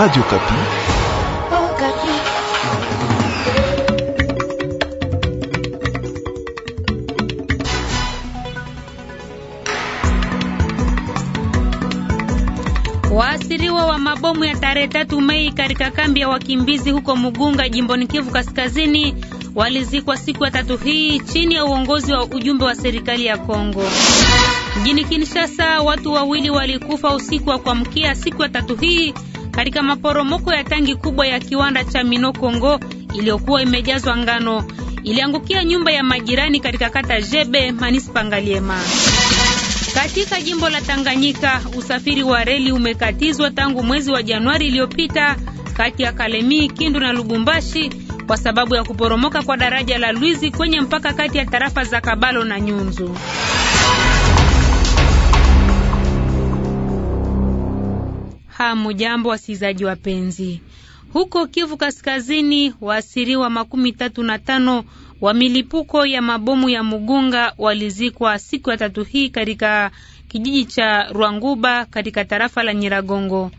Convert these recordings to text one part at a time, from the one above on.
Radio Kapi. Oh, Kapi. Waasiriwa wa mabomu ya tarehe tatu Mei katika kambi ya wakimbizi huko Mugunga jimboni Kivu Kaskazini walizikwa siku ya tatu hii chini ya uongozi wa ujumbe wa serikali ya Kongo. Mjini Kinshasa watu wawili walikufa usiku wa kuamkia siku ya tatu hii katika maporomoko ya tangi kubwa ya kiwanda cha Mino Kongo iliyokuwa imejazwa ngano iliangukia nyumba ya majirani katika kata Jebe, manispa Ngaliema. Katika jimbo la Tanganyika, usafiri wa reli umekatizwa tangu mwezi wa Januari iliyopita kati ya Kalemi, Kindu na Lubumbashi kwa sababu ya kuporomoka kwa daraja la Lwizi kwenye mpaka kati ya tarafa za Kabalo na Nyunzu. Hamujambo wasikilizaji wapenzi. Huko Kivu Kaskazini, waasiriwa makumi tatu na tano wa milipuko ya mabomu ya Mugunga walizikwa siku ya tatu hii katika kijiji cha Rwanguba katika tarafa la Nyiragongo.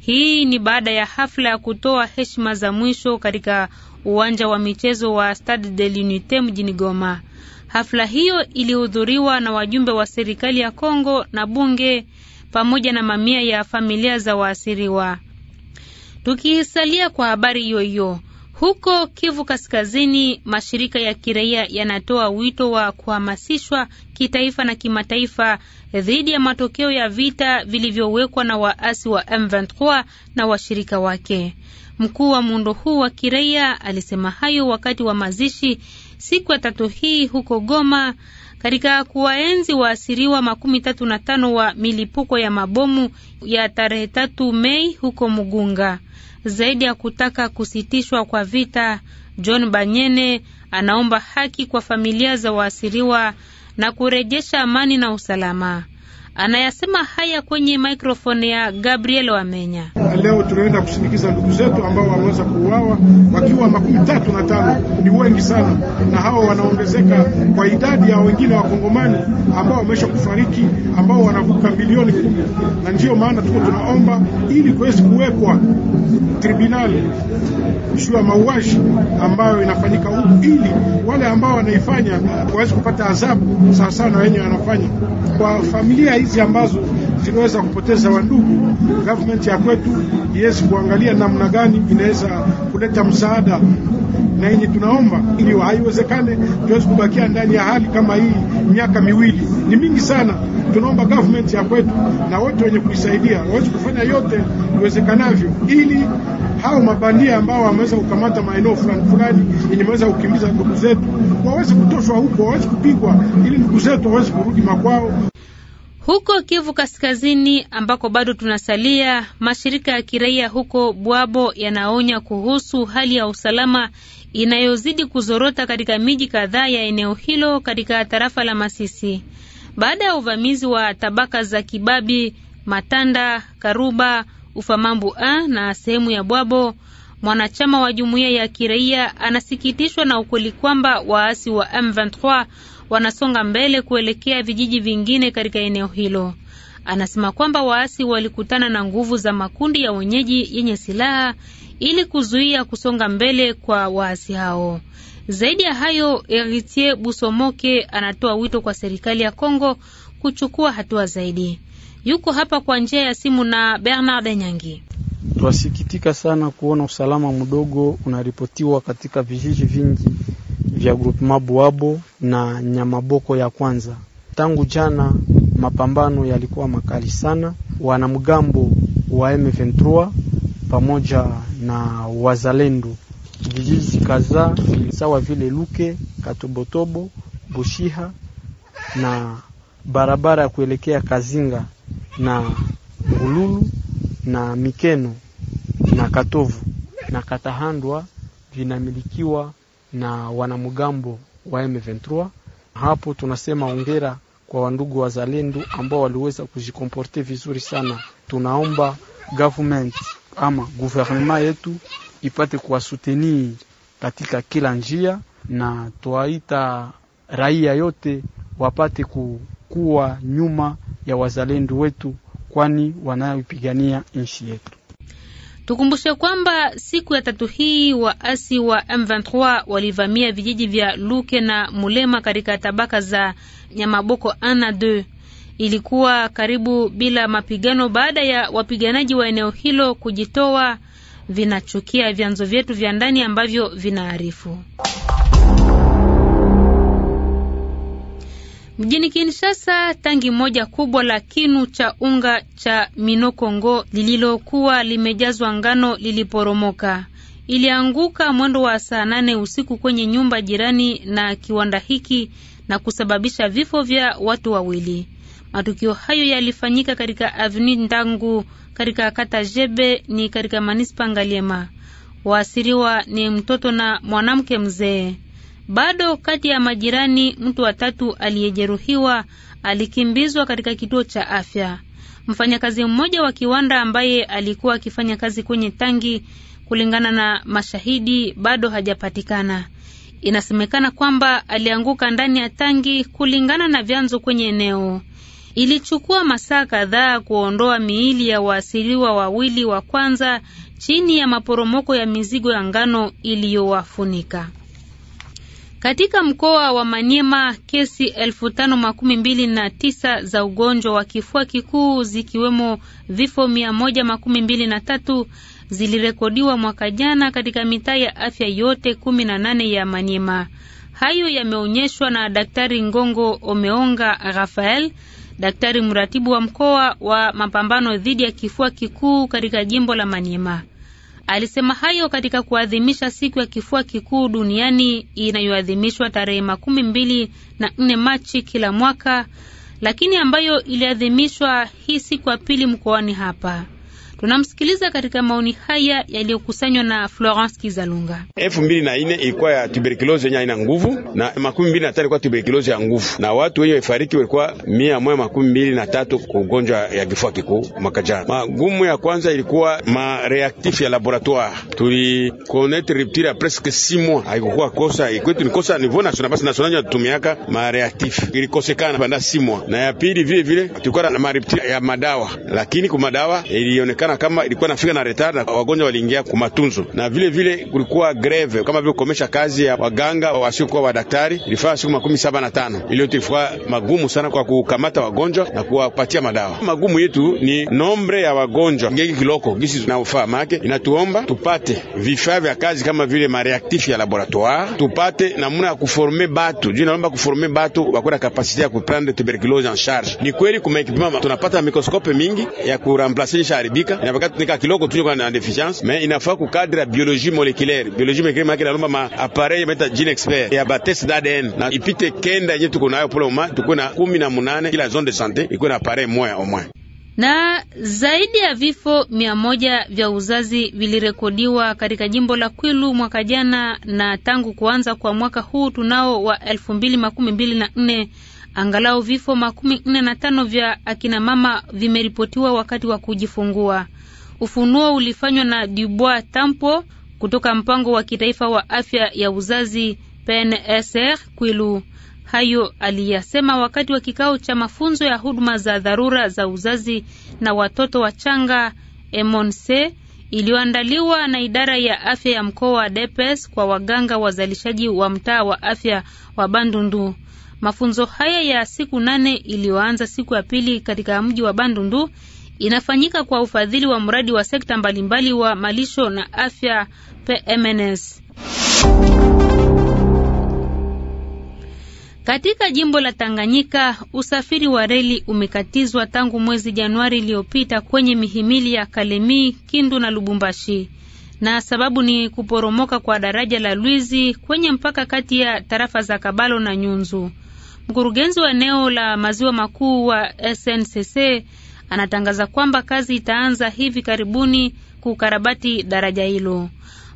Hii ni baada ya hafla ya kutoa heshima za mwisho katika uwanja wa michezo wa Stade de l'Unite mjini Goma. Hafla hiyo ilihudhuriwa na wajumbe wa serikali ya Kongo na bunge pamoja na mamia ya familia za waasiriwa. Tukisalia kwa habari hiyo hiyo, huko Kivu Kaskazini, mashirika ya kiraia yanatoa wito wa kuhamasishwa kitaifa na kimataifa dhidi ya matokeo ya vita vilivyowekwa na waasi wa M23 na washirika wake. Mkuu wa muundo huu wa kiraia alisema hayo wakati wa mazishi siku ya tatu hii huko Goma katika kuwaenzi waasiriwa makumi tatu na tano wa milipuko ya mabomu ya tarehe tatu Mei huko Mugunga. Zaidi ya kutaka kusitishwa kwa vita, John Banyene anaomba haki kwa familia za waasiriwa na kurejesha amani na usalama anayasema haya kwenye mikrofoni ya Gabriel Wamenya. Leo tunaenda kusindikiza ndugu zetu ambao wameweza kuuawa wakiwa makumi tatu na tano, ni wengi sana, na hao wanaongezeka kwa idadi ya wengine wakongomani ambao wamesha kufariki, ambao wanavuka milioni kumi, na ndiyo maana tuko tunaomba ili kuwezi kuwekwa tribunali juu ya mauaji ambayo inafanyika huku, ili wale ambao wanaifanya waweze kupata adhabu sawasawa na wenye wanafanya kwa familia hizi ambazo zinaweza kupoteza wandugu, government ya kwetu iwezi kuangalia namna gani inaweza kuleta msaada na yenye tunaomba, ili haiwezekane tuweze kubakia ndani ya hali kama hii. Miaka miwili ni mingi sana. Tunaomba government ya kwetu na wote wenye kuisaidia waweze kufanya yote iwezekanavyo, ili hao mabandia ambao wameweza kukamata maeneo fulani fulani yenye wameweza kukimbiza ndugu zetu waweze kutoshwa huko, waweze kupigwa, ili ndugu zetu waweze kurudi makwao. Huko Kivu Kaskazini ambako bado tunasalia, mashirika ya kiraia huko Bwabo yanaonya kuhusu hali ya usalama inayozidi kuzorota katika miji kadhaa ya eneo hilo katika tarafa la Masisi baada ya uvamizi wa tabaka za Kibabi, Matanda, Karuba, Ufamambu a na sehemu ya Bwabo. Mwanachama wa jumuiya ya kiraia anasikitishwa na ukweli kwamba waasi wa M23 wanasonga mbele kuelekea vijiji vingine katika eneo hilo. Anasema kwamba waasi walikutana na nguvu za makundi ya wenyeji yenye silaha ili kuzuia kusonga mbele kwa waasi hao. Zaidi ya hayo, Eritier Busomoke anatoa wito kwa serikali ya Kongo kuchukua hatua zaidi. Yuko hapa kwa njia ya simu na Bernard Nyangi. Twasikitika sana kuona usalama mdogo unaripotiwa katika vijiji vingi vya groupement Buabo na Nyamaboko ya kwanza. Tangu jana mapambano yalikuwa makali sana. Wanamgambo wa M23 pamoja na wazalendo vijiji kadhaa sawa vile Luke, Katobotobo, Bushiha na barabara ya kuelekea Kazinga na Ngululu na Mikeno na Katovu na Katahandwa vinamilikiwa na wanamgambo wa M23. Hapo tunasema ongera kwa wandugu wazalendo ambao waliweza kujikomporte vizuri sana. Tunaomba government ama gouvernement yetu ipate kuwasutenir katika kila njia, na twaita raia yote wapate kukuwa nyuma ya wazalendo wetu, kwani wanayopigania nchi yetu. Tukumbushe kwamba siku ya tatu hii waasi wa M23 walivamia vijiji vya Luke na Mulema katika tabaka za Nyamaboko ana 2. Ilikuwa karibu bila mapigano baada ya wapiganaji wa eneo hilo kujitoa, vinachukia vyanzo vyetu vya ndani ambavyo vinaarifu Mjini Kinshasa, tangi moja kubwa la kinu cha unga cha Minokongo lililokuwa limejazwa ngano liliporomoka. Ilianguka mwendo wa saa nane usiku kwenye nyumba jirani na kiwanda hiki na kusababisha vifo vya watu wawili. Matukio hayo yalifanyika katika Avni Ndangu katika kata Jebe ni katika manispa Ngaliema. Waasiriwa ni mtoto na mwanamke mzee. Bado kati ya majirani, mtu wa tatu aliyejeruhiwa alikimbizwa katika kituo cha afya. Mfanyakazi mmoja wa kiwanda ambaye alikuwa akifanya kazi kwenye tangi, kulingana na mashahidi, bado hajapatikana. Inasemekana kwamba alianguka ndani ya tangi, kulingana na vyanzo kwenye eneo. Ilichukua masaa kadhaa kuondoa miili ya waasiriwa wawili wa kwanza chini ya maporomoko ya mizigo ya ngano iliyowafunika. Katika mkoa wa Maniema kesi elfu tano makumi mbili na tisa za ugonjwa wa kifua kikuu zikiwemo vifo mia moja makumi mbili na tatu zilirekodiwa mwaka jana katika mitaa ya afya yote kumi na nane ya Maniema. Hayo yameonyeshwa na Daktari Ngongo Omeonga Rafael, daktari mratibu wa mkoa wa mapambano dhidi ya kifua kikuu katika jimbo la Maniema. Alisema hayo katika kuadhimisha siku ya kifua kikuu duniani inayoadhimishwa tarehe makumi mbili na nne Machi kila mwaka, lakini ambayo iliadhimishwa hii siku ya pili mkoani hapa. Tunamsikiliza katika maoni haya yaliyokusanywa na Florence Kizalunga. elfu mbili na ine ilikuwa ya tuberculosis yenye aina nguvu na makumi mbili na tano ilikuwa tuberculosis ya nguvu, na watu wenye wafariki walikuwa mia moja makumi mbili na tatu kwa ugonjwa ya kifua kikuu mwaka jana. Magumu ya kwanza ilikuwa mareaktif ya laboratoire, tulikonetre ruptire ya presque si mois, haikukuwa kosa ikwetu, ni kosa nivo nasional basi nasional natumiaka mareaktif ilikosekana banda si mois, na ya pili vile vile tulikuwa na marupture ya madawa, lakini kwa madawa ilionekana ilionekana kama ilikuwa nafika na retard na wagonjwa waliingia kwa matunzo, na vile vile kulikuwa greve kama vile kukomesha kazi ya waganga wasiokuwa wadaktari, ilifaa siku makumi saba na tano iliyote ilikuwa magumu sana kwa kukamata wagonjwa na kuwapatia madawa. Magumu yetu ni nombre ya wagonjwa ngeki kiloko gisi tunaofaa, make, inatuomba tupate vifaa vya kazi kama vile mareaktifu ya laboratoire, tupate namuna ya kuforme batu juu inaomba kuforme batu wakuna kapasite ya kuprendre tuberculose en charge. Ni kweli kumaekipima tunapata mikroskope mingi ya kuramplaseisha haribika kabisa, inapaka tunika kiloko tunyo na deficience mais inafaa cadre biologie moléculaire Biologie moleculaire maana nalomba ma appareil meta gene expert ya ba test d'ADN na ipite kenda yenye tuko nayo pour le moment, tuko na 18 kila zone de santé iko na appareil moya au moins na zaidi ya vifo mia moja vya uzazi vilirekodiwa katika jimbo la Kwilu mwaka jana, na tangu kuanza kwa mwaka huu tunao wa elfu mbili makumi mbili na nne Angalau vifo makumi nne na tano vya akina mama vimeripotiwa wakati wa kujifungua. Ufunuo ulifanywa na Dubois Tampo kutoka mpango wa kitaifa wa afya ya uzazi PNSR Kwilu. Hayo aliyasema wakati wa kikao cha mafunzo ya huduma za dharura za uzazi na watoto wachanga emonc iliyoandaliwa na idara ya afya ya mkoa wa Depes kwa waganga wazalishaji wa mtaa wa afya wa Bandundu. Mafunzo haya ya siku nane iliyoanza siku ya pili katika mji wa Bandundu inafanyika kwa ufadhili wa mradi wa sekta mbalimbali wa malisho na afya PMNS. Katika jimbo la Tanganyika, usafiri wa reli umekatizwa tangu mwezi Januari iliyopita kwenye mihimili ya Kalemi, Kindu na Lubumbashi, na sababu ni kuporomoka kwa daraja la Lwizi kwenye mpaka kati ya tarafa za Kabalo na Nyunzu. Mkurugenzi wa eneo la maziwa makuu wa SNCC anatangaza kwamba kazi itaanza hivi karibuni kukarabati daraja hilo.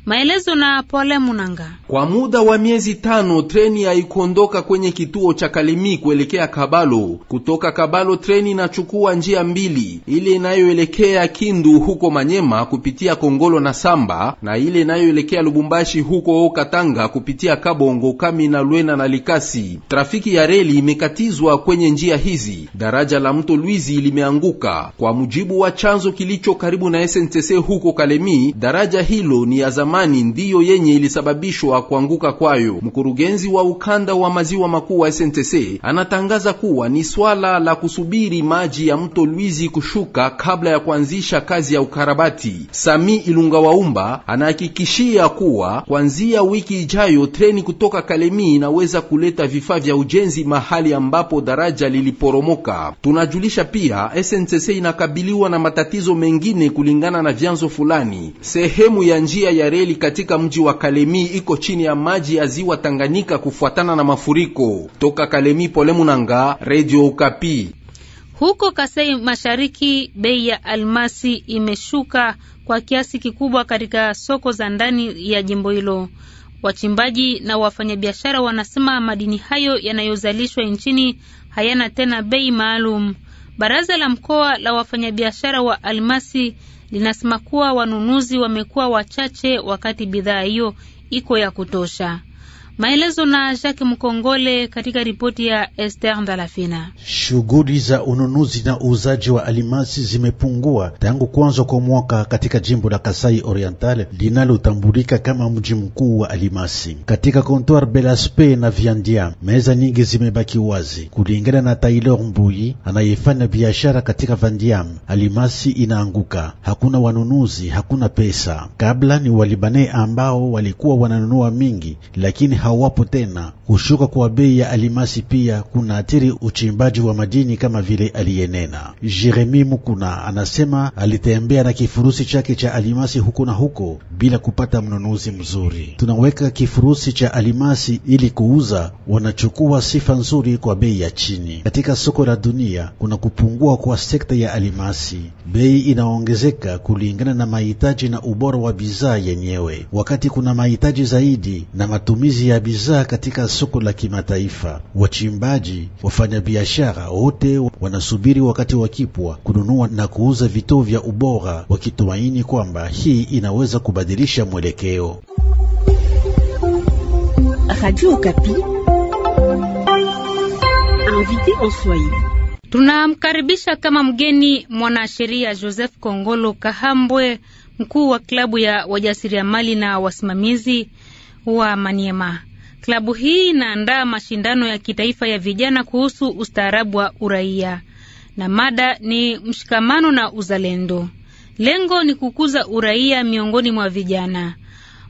Maelezo na Pole Munanga. Kwa muda wa miezi tano treni haikuondoka kwenye kituo cha Kalemi kuelekea Kabalo. Kutoka Kabalo treni inachukua njia mbili, ile inayoelekea Kindu huko Manyema kupitia Kongolo na Samba, na ile inayoelekea Lubumbashi huko Katanga kupitia Kabongo, Kamina, Lwena na Likasi. Trafiki ya reli imekatizwa kwenye njia hizi. Daraja la mto Luizi limeanguka. Kwa mujibu wa chanzo kilicho karibu na SNTC huko Kalemi, daraja hilo ni ya zamani ndiyo yenye ilisababishwa kuanguka kwayo. Mkurugenzi wa ukanda wa maziwa makuu wa SNTC anatangaza kuwa ni swala la kusubiri maji ya mto Lwizi kushuka kabla ya kuanzisha kazi ya ukarabati. Sami Ilunga Waumba anahakikishia kuwa kuanzia wiki ijayo treni kutoka Kalemi inaweza kuleta vifaa vya ujenzi mahali ambapo daraja liliporomoka. Tunajulisha pia sntc inakabiliwa na matatizo mengine kulingana na vyanzo fulani. Sehemu ya njia ya Israeli katika mji wa Kalemi iko chini ya maji ya ziwa Tanganyika kufuatana na mafuriko. Toka Kalemi, Pole Munanga, Radio Okapi. Huko Kasai Mashariki, bei ya almasi imeshuka kwa kiasi kikubwa katika soko za ndani ya jimbo hilo. Wachimbaji na wafanyabiashara wanasema madini hayo yanayozalishwa nchini hayana tena bei maalum. Baraza la mkoa la wafanyabiashara wa almasi linasema kuwa wanunuzi wamekuwa wachache wakati bidhaa hiyo iko ya kutosha. Maelezo na Jacques Mkongole katika ripoti ya Esther Ndalafina. Shughuli za ununuzi na uuzaji wa alimasi zimepungua tangu kuanza kwa mwaka katika jimbo la Kasai Oriental linalotambulika kama mji mkuu wa alimasi. Katika Comptoir Belaspe na Viandia, meza nyingi zimebaki wazi. Kulingana na Taylor Mbui anayefanya biashara katika Vandiam, alimasi inaanguka, hakuna wanunuzi, hakuna pesa. Kabla ni Walibane ambao walikuwa wananunua mingi, lakini ha hawapo tena. Kushuka kwa bei ya alimasi pia kunaathiri uchimbaji wa madini kama vile aliyenena Jeremi Mukuna. Anasema alitembea na kifurusi chake cha alimasi huko na huko bila kupata mnunuzi mzuri. Tunaweka kifurusi cha alimasi ili kuuza, wanachukua sifa nzuri kwa bei ya chini. Katika soko la dunia kuna kupungua kwa sekta ya alimasi, bei inaongezeka kulingana na mahitaji na ubora wa bidhaa yenyewe, wakati kuna mahitaji zaidi na matumizi ya bidhaa katika soko la kimataifa. Wachimbaji, wafanyabiashara wote wanasubiri wakati wakipwa kununua na kuuza vituo vya ubora, wakitumaini kwamba hii inaweza kubadilisha mwelekeo. Tunamkaribisha kama mgeni mwanasheria Joseph Kongolo Kahambwe, mkuu wa klabu ya wajasiriamali na wasimamizi wa Maniema. Klabu hii inaandaa mashindano ya kitaifa ya vijana kuhusu ustaarabu wa uraia na mada ni mshikamano na uzalendo. Lengo ni kukuza uraia miongoni mwa vijana.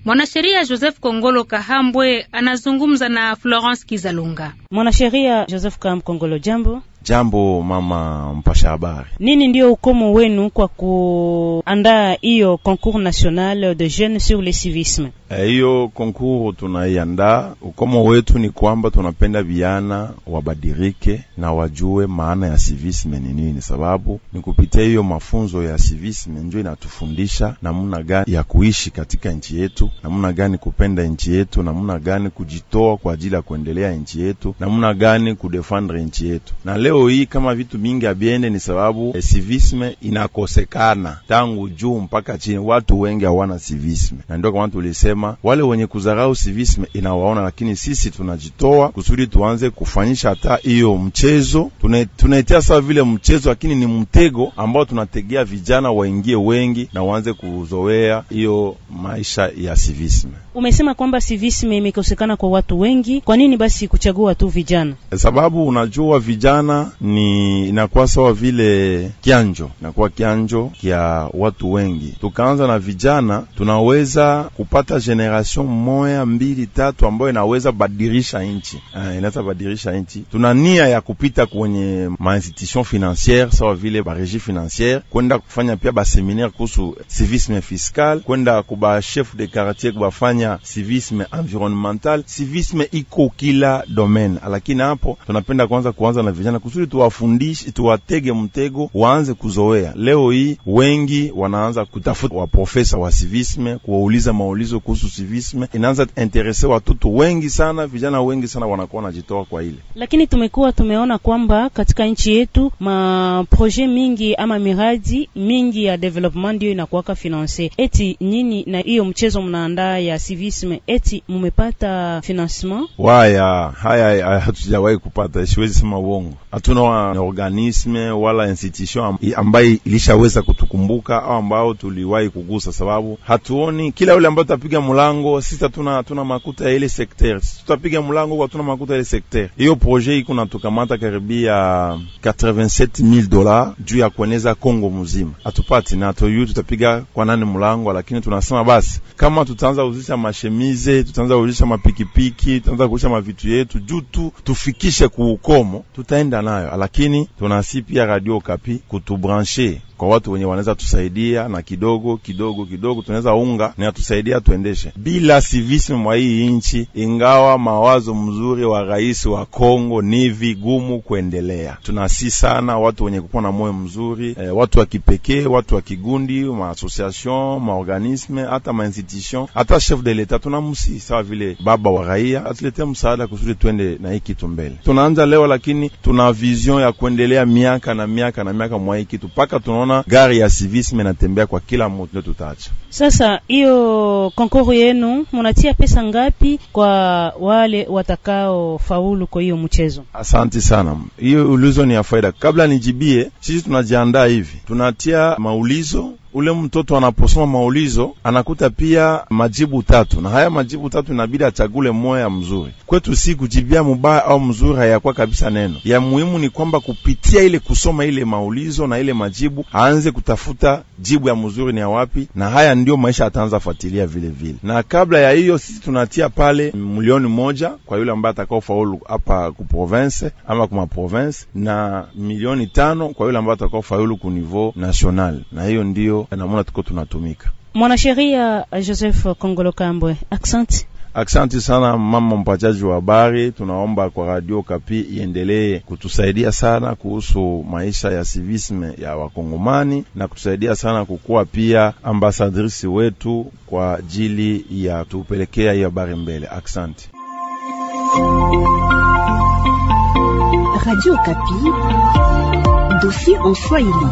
Mwanasheria Joseph Kongolo Kahambwe anazungumza na Florence Kizalunga. Mwanasheria Joseph Kam Kongolo, jambo. Jambo mama mpasha habari. Nini ndio ukomo wenu kwa kuandaa hiyo concours national de jeunes sur le civisme? Eh, hiyo konkuru tunaiandaa. Ukomo wetu ni kwamba tunapenda vijana wabadirike na wajue maana ya civisme ni nini, sababu ni kupitia hiyo mafunzo ya civisme njo inatufundisha namna gani ya kuishi katika nchi yetu, namna gani kupenda nchi yetu, namna gani kujitoa kwa ajili ya kuendelea nchi yetu, namna gani kudefendre nchi yetu. Na leo hii kama vitu mingi abiende ni sababu eh, civisme inakosekana tangu juu mpaka chini, watu wengi hawana civisme, na ndio kama tulisema kusema wale wenye kuzarau civisme inawaona, lakini sisi tunajitoa kusudi tuanze kufanyisha hata hiyo mchezo. Tunaitia sawa vile mchezo, lakini ni mtego ambao tunategea vijana waingie wengi na waanze kuzoea hiyo maisha ya civisme. Umesema kwamba civisme imekosekana kwa watu wengi, kwa nini basi kuchagua tu vijana? Sababu unajua vijana ni inakuwa sawa vile kianjo, inakuwa kianjo kya watu wengi. Tukaanza na vijana tunaweza kupata generation moya mbili tatu ambayo inaweza badirisha nchi, ah, inaweza badirisha nchi. Tuna nia ya kupita kwenye mainstitution financiere sawa vile baregie financiere, kwenda kufanya pia baseminaire kuhusu civisme fiscal, kwenda kuba chef de quartier kubafanya civisme environnemental. Civisme iko kila domaine, lakini hapo tunapenda kwanza kuanza na vijana kusudi tuwafundishe, tuwatege mtego, waanze kuzoea. Leo hii wengi wanaanza kutafuta waprofesa wa civisme, kuwauliza maulizo kuhusu kuhusu civisme inaanza interese watoto wengi sana, vijana wengi sana wanakuwa wanajitoa kwa ile. Lakini tumekuwa tumeona kwamba katika nchi yetu ma projet mingi ama miradi mingi ya development ndio inakuwaka finance. Eti nyinyi na hiyo mchezo mnaandaa ya civisme, eti mmepata financement? Waya haya hatujawahi kupata, siwezi sema uongo. Hatuna organisme wala institution ambaye ilishaweza kutukumbuka au ambao tuliwahi kugusa, sababu hatuoni kila yule ambaye tutapiga mulango sisi, tuna tuna makuta ile secteur, sisi tutapiga mulango kwa tuna makuta ile secteur. Hiyo projet iko natukamata karibia 87000 dola juu ya kueneza Kongo mzima, atupati na yu tutapiga kwa nani mulango. Lakini tunasema basi, kama tutaanza kuzisha mashemize, tutaanza kuzisha mapikipiki, tutaanza kuzisha mavitu yetu juu tu tufikishe kuukomo, tutaenda nayo, lakini tunasi pia Radio Kapi kutubranche kwa watu wenye wanaweza tusaidia na kidogo kidogo kidogo tunaweza unga na tusaidia tuendeshe bila civisme mwa hii nchi. Ingawa mawazo mzuri wa rais wa Kongo, ni vigumu kuendelea. Tunasi sana watu wenye kukuwa na moyo mzuri e, watu wa kipekee, watu wa kigundi, ma maorganisme, hata mainstitution, hata chef de l'etat tunamsi sawa vile baba wa raia atuletee msaada kusudi tuende na hii kitu mbele. Tunaanza leo, lakini tuna vision ya kuendelea miaka na miaka na miaka mwa hii kitu mpaka tunaona maana gari ya civisme inatembea kwa kila mtu, ndio tutaacha sasa. Hiyo konkuru yenu munatia pesa ngapi kwa wale watakao faulu kwa hiyo mchezo? Asante sana, hiyo ulizo ni ya faida. Kabla nijibie, sisi tunajiandaa hivi, tunatia maulizo ule mtoto anaposoma maulizo anakuta pia majibu tatu, na haya majibu tatu inabidi achagule moya mzuri. Kwetu si kujibia mubaya au mzuri, hayakuwa kabisa neno ya muhimu. Ni kwamba kupitia ile kusoma ile maulizo na ile majibu aanze kutafuta jibu ya mzuri ni ya wapi, na haya ndiyo maisha ataanza fuatilia vile vile. Na kabla ya hiyo, sisi tunatia pale milioni moja kwa yule ambaye atakao faulu hapa ku province ama kuma province, na milioni tano kwa yule ambaye atakao faulu ku niveau national, na hiyo ndiyo namona tuko tunatumika. Mwanasheria eh, Joseph Kongolo Kambwe, aksanti. Aksanti sana mama mpachaji wa habari, tunaomba kwa Radio Kapi iendelee kutusaidia sana kuhusu maisha ya civisme ya Wakongomani na kutusaidia sana kukuwa pia ambasadrisi wetu kwa ajili ya tupelekea hiyo habari mbele. Aksanti. Radio Kapi, dossier en Swahili.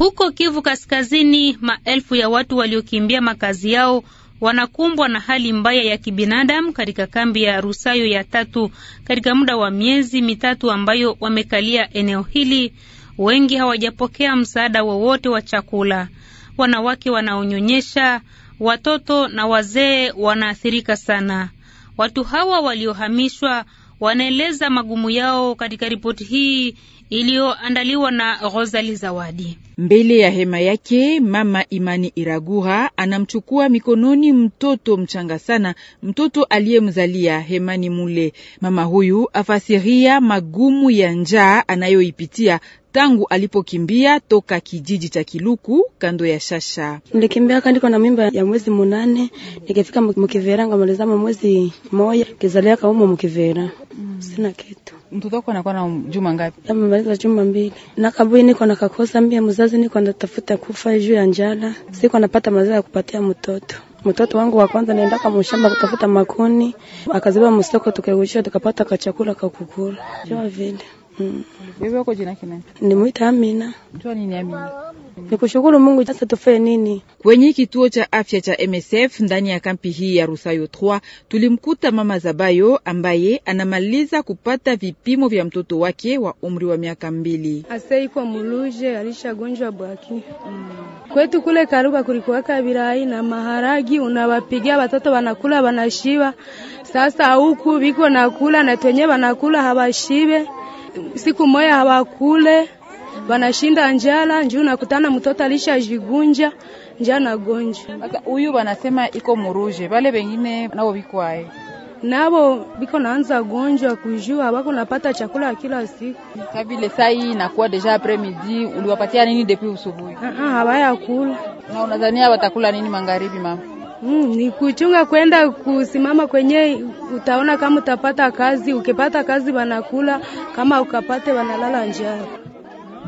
Huko Kivu Kaskazini, maelfu ya watu waliokimbia makazi yao wanakumbwa na hali mbaya ya kibinadamu katika kambi ya Rusayo ya tatu katika muda wa miezi mitatu ambayo wamekalia eneo hili. Wengi hawajapokea msaada wowote wa chakula. Wanawake wanaonyonyesha, watoto na wazee wanaathirika sana. Watu hawa waliohamishwa wanaeleza magumu yao katika ripoti hii iliyoandaliwa na Rosali Zawadi. Mbele ya hema yake mama Imani Iragura anamchukua mikononi mtoto mchanga sana, mtoto aliyemzalia hemani mule. Mama huyu afasiria magumu ya njaa anayoipitia tangu alipokimbia toka kijiji cha Kiluku kando ya Shasha. Nilikimbia kandiko na mimba ya mwezi munane, nikifika mukivera ngamalizama mwezi moya kizalia kaumo mkivera mm. sina kitu. Mtoto wako anakuwa na juma ngapi? Amemaliza juma mbili. Na kabui niko na kakosa mbia mzazi, niko natafuta kufa juu ya njala, siko napata mazao ya kupatia mtoto mtoto wangu wa kwanza kwa mshamba kutafuta makoni, akaziba msoko, tukaegushia tukapata kachakula kakukula jua vile Mm. wako jina kina? Amina. nini Amina? Mungu sasa tufanye nini? Kwenye kituo cha afya cha MSF ndani ya kampi hii ya Rusayo 3 tulimkuta mama Zabayo ambaye anamaliza kupata vipimo vya mtoto wake wa umri wa miaka mbili. Aseiko muluje alishagonjwa bwaki. Mm. Kwetu kule Karuba kulikuwaka birai na maharagi unawapigia watoto wanakula wanashiba. Sasa huku biko nakula na twenye wanakula hawashibe siku moya hawakule, wanashinda njala njuu, nakutana mtoto alisha jigunja na gonja. Huyu wanasema iko muruje, wale wengine nao vikwae nabo biko naanza gonjwa kujua bako napata chakula kila siku kabile sai nakuwa deja après midi. Uliwapatia nini depuis usubuhi? Hawaya uh ah, hawaya kula. Na unadhania watakula nini magharibi mama? Mm, ni kuchunga kwenda kusimama kwenye, utaona kama utapata kazi. Ukipata kazi wanakula, kama ukapate wanalala njaa.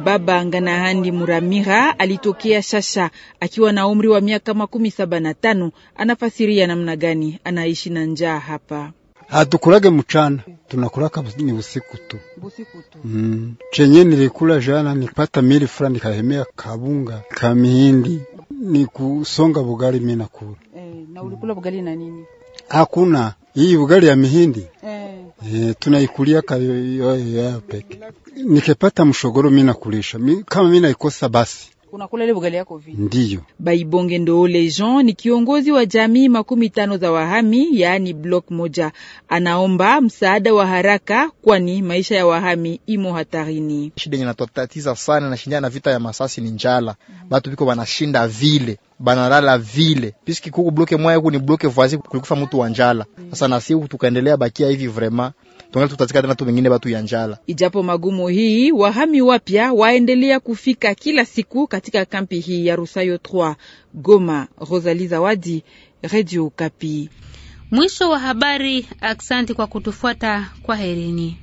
Baba Nganahandi Muramira alitokea Shasha akiwa na umri wa miaka makumi saba na tano. Anafasiria namna gani anaishi na njaa hapa. Hatukulage mchana, tunakulaka ni usiku tu. Busiku Mm. Chenye nilikula jana nipata mili fulani kahemea kabunga kamihindi ni kusonga bugali mimi nakula. Eh na ulikula bugali na nini? Hakuna hii bugali ya mihindi eh. E, tunaikulia kayo peke. Nikipata mshogoro mimi nakulisha. Kama mimi naikosa basi unakula ile ugali yako vile. Ndiyo Baibonge Ndoole Jean ni kiongozi wa jamii makumi tano za wahami, yaani blok moja, anaomba msaada wa haraka, kwani maisha ya wahami imo hatarini. Shida yenye sana na na vita ya masasi ni njala. Batu biko wanashinda vile banalala vile piski kuku bloke mwaya ku ni bloke voisin kulikufa mtu wa njala. Sasa na tukaendelea bakia hivi vrema tungali tutazika tena tu mengine batu ya njala. Ijapo magumu hii, wahami wapya waendelea kufika kila siku katika kampi hii ya Rusayo 3 Goma. Rosalie Zawadi, Radio Kapi. Mwisho wa habari. Aksanti kwa kutufuata, kwa herini.